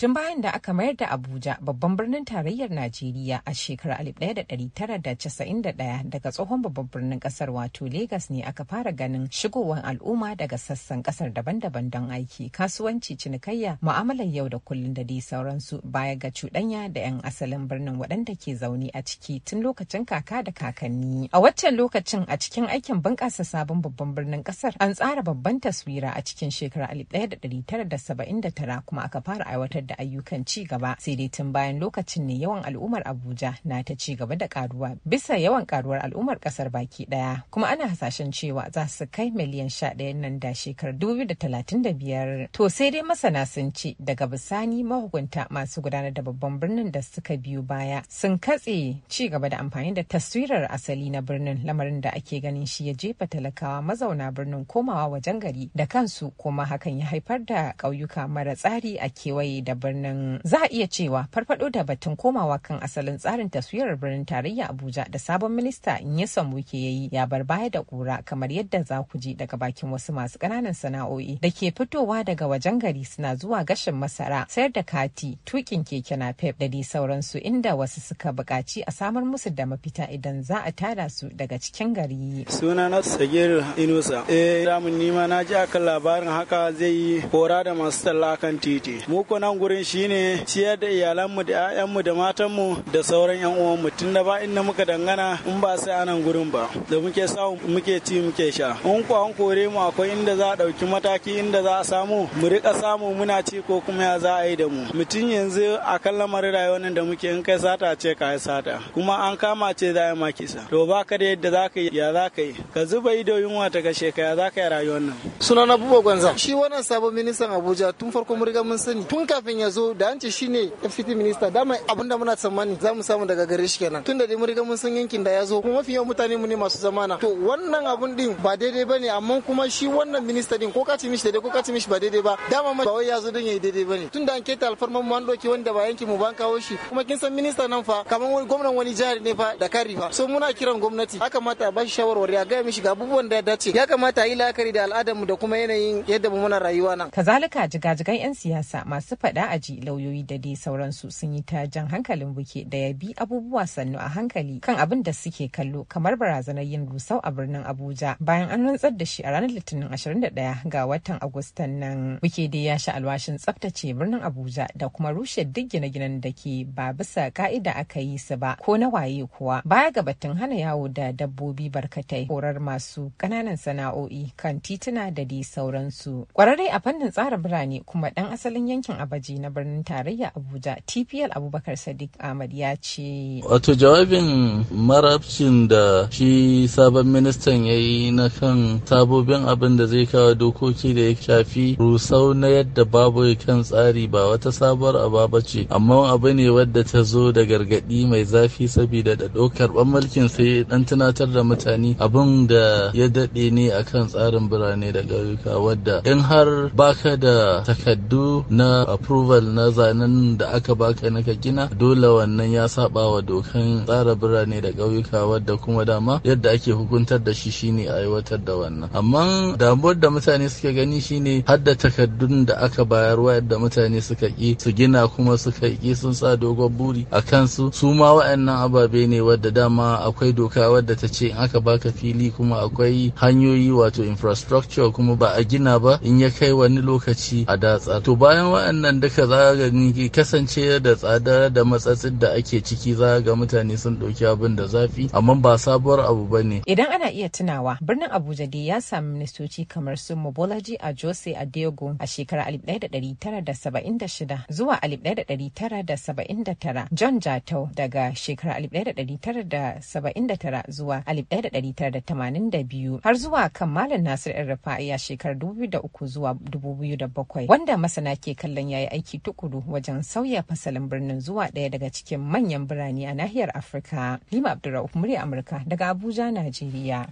tun bayan da aka mayar da abuja babban birnin tarayyar najeriya a shekarar 1991 daga tsohon babban birnin kasar wato Legas ne aka fara ganin shigowar al'umma daga sassan kasar daban-daban don aiki kasuwanci cinikayya mu'amalar yau da kullun da dai sauransu baya ga cuɗanya da 'yan asalin birnin waɗanda ke zaune a ciki tun lokacin kaka da kakanni a waccan lokacin a cikin aikin bunƙasa sabon babban birnin kasar an tsara babban taswira a cikin shekarar 1979 kuma aka fara aiwatar da ayyukan ci gaba sai dai tun bayan lokacin ne yawan al'ummar abuja na ta ci gaba da karuwa bisa yawan karuwar al'ummar kasar baki daya kuma ana hasashen cewa za su kai miliyan sha ɗaya nan da shekarar dubu da talatin da biyar to sai dai masana sun ce daga bisani mahukunta masu gudanar da babban birnin da suka biyo baya sun katse ci gaba da amfani da taswirar asali na birnin lamarin da ake ganin shi ya jefa talakawa mazauna birnin komawa wajen gari da kansu kuma hakan ya haifar da ƙauyuka mara tsari a kewaye da birnin za a iya cewa farfado da batun komawa kan asalin tsarin taswirar birnin tarayya abuja da sabon minista nyesom wike ya yi ya bar baya da kura kamar yadda za ku ji daga bakin wasu masu ƙananan sana'o'i da ke fitowa daga wajen gari suna zuwa gashin masara sayar da kati tukin keke na pep da dai sauransu inda wasu suka buƙaci a samar musu da mafita idan za a tada su daga cikin gari suna na sagir inusa eh damun nima na ji akan labarin haka zai yi kora da masu talla kan titi mu ko nan burin shine ciyar da iyalanmu da 'ya'yanmu da matanmu da sauran 'yan uwanmu tun da ba inda muka dangana in ba sai anan gurin ba da muke samu muke ci muke sha in kuwa an kore mu akwai inda za a ɗauki mataki inda za a samu mu rika samu muna ci ko kuma ya za a yi da mu mutum yanzu a kan lamarin rayuwar nan da muke in kai sata ce ka sata kuma an kama ce za a maki sa to ba ka da yadda za ka yi ya za ka yi ka zuba ido yunwa ta kashe ka ya za ka yi rayuwar nan sunana buba gwanza shi wannan sabon ministan abuja tun farko mun riga mun sani tun kafin ya zo da an ce ne FCT minister dama abin da muna tsammani za mu samu daga gare shi kenan tunda dai mun riga mun san yankin da ya zo kuma mafi yawan mutane mu ne masu zamana to wannan abun din ba daidai bane amma kuma shi wannan minista din ko kaci mishi daidai ko ka mishi ba daidai ba dama ba wai ya zo ya yi daidai bane tunda an keta alfarman mu an doke wanda ba yankin mu an kawo shi kuma kin san minista nan fa kaman wani gwamnan wani jihar ne fa da kari fa so muna kiran gwamnati ya kamata a bashi shawarwari a gaya mishi ga abubuwan da ya dace ya kamata a yi la'akari da al'adarmu da kuma yanayin yadda mu muna rayuwa nan kazalika jigajigan yan siyasa masu faɗa ma'aji lauyoyi da dai sauransu sun yi ta jan hankalin buke da ya bi abubuwa sannu a hankali kan abin da suke kallo kamar barazanar yin rusau a birnin Abuja bayan an rantsar da shi a ranar Litinin 21 ga watan Agustan nan. Buke dai ya sha alwashin tsaftace birnin Abuja da kuma rushe duk gine-ginen da ke ba bisa ka'ida aka yi su ba ko na waye kuwa baya ga batun hana yawo da dabbobi barkatai horar masu kananan sana'o'i kan tituna da dai sauransu. Kwararre a fannin tsara birane kuma ɗan asalin yankin Abaji agaji na birnin tarayya Abuja TPL Abubakar Sadiq Ahmad ya ce. Wato jawabin marabcin da shi sabon ministan ya yi na kan sabobin abin da zai kawo dokoki da ya shafi rusau na yadda babu kan tsari ba wata sabuwar aba ba ce amma abu ne wadda ta zo da gargaɗi mai zafi saboda da ɗaukar ban mulkin sai dan tunatar da mutane abin da ya daɗe ne kan tsarin birane da ƙauyuka wadda in har baka da takaddu na approval approval na zanen da aka baka na ka gina dole wannan ya saba wa dokan tsara birane da ƙauyuka wadda kuma dama yadda ake hukuntar da shi shine a aiwatar da wannan amma damuwar da mutane suke gani shine hadda takardun da aka bayar wayar mutane suka ki su gina kuma suka ki sun sa dogon buri a kansu su ma wa'annan ababe ne wadda dama akwai doka wadda ta ce in aka baka fili kuma akwai hanyoyi wato infrastructure kuma ba a gina ba in ya kai wani lokaci a datsa to bayan wa'annan da ka za ga kasance da tsada da matsatsin da ake ciki za ga mutane sun ɗauki abin da zafi amma ba sabuwar abu ba ne. Idan ana iya tunawa birnin Abuja dai ya sami ministoci kamar su Mobolaji a Jose a Diego a shekarar 1976 zuwa 1979 John Jatau daga shekarar 1979 zuwa 1982 har zuwa kan Malam Nasir Irrafa'i a shekarar 2003 zuwa 2007 wanda masana ke kallon yayi aiki tukuru wajen sauya fasalin birnin zuwa ɗaya daga cikin manyan birane a nahiyar Afirka. Lima Abdulrahman murya Amurka daga Abuja, Najeriya.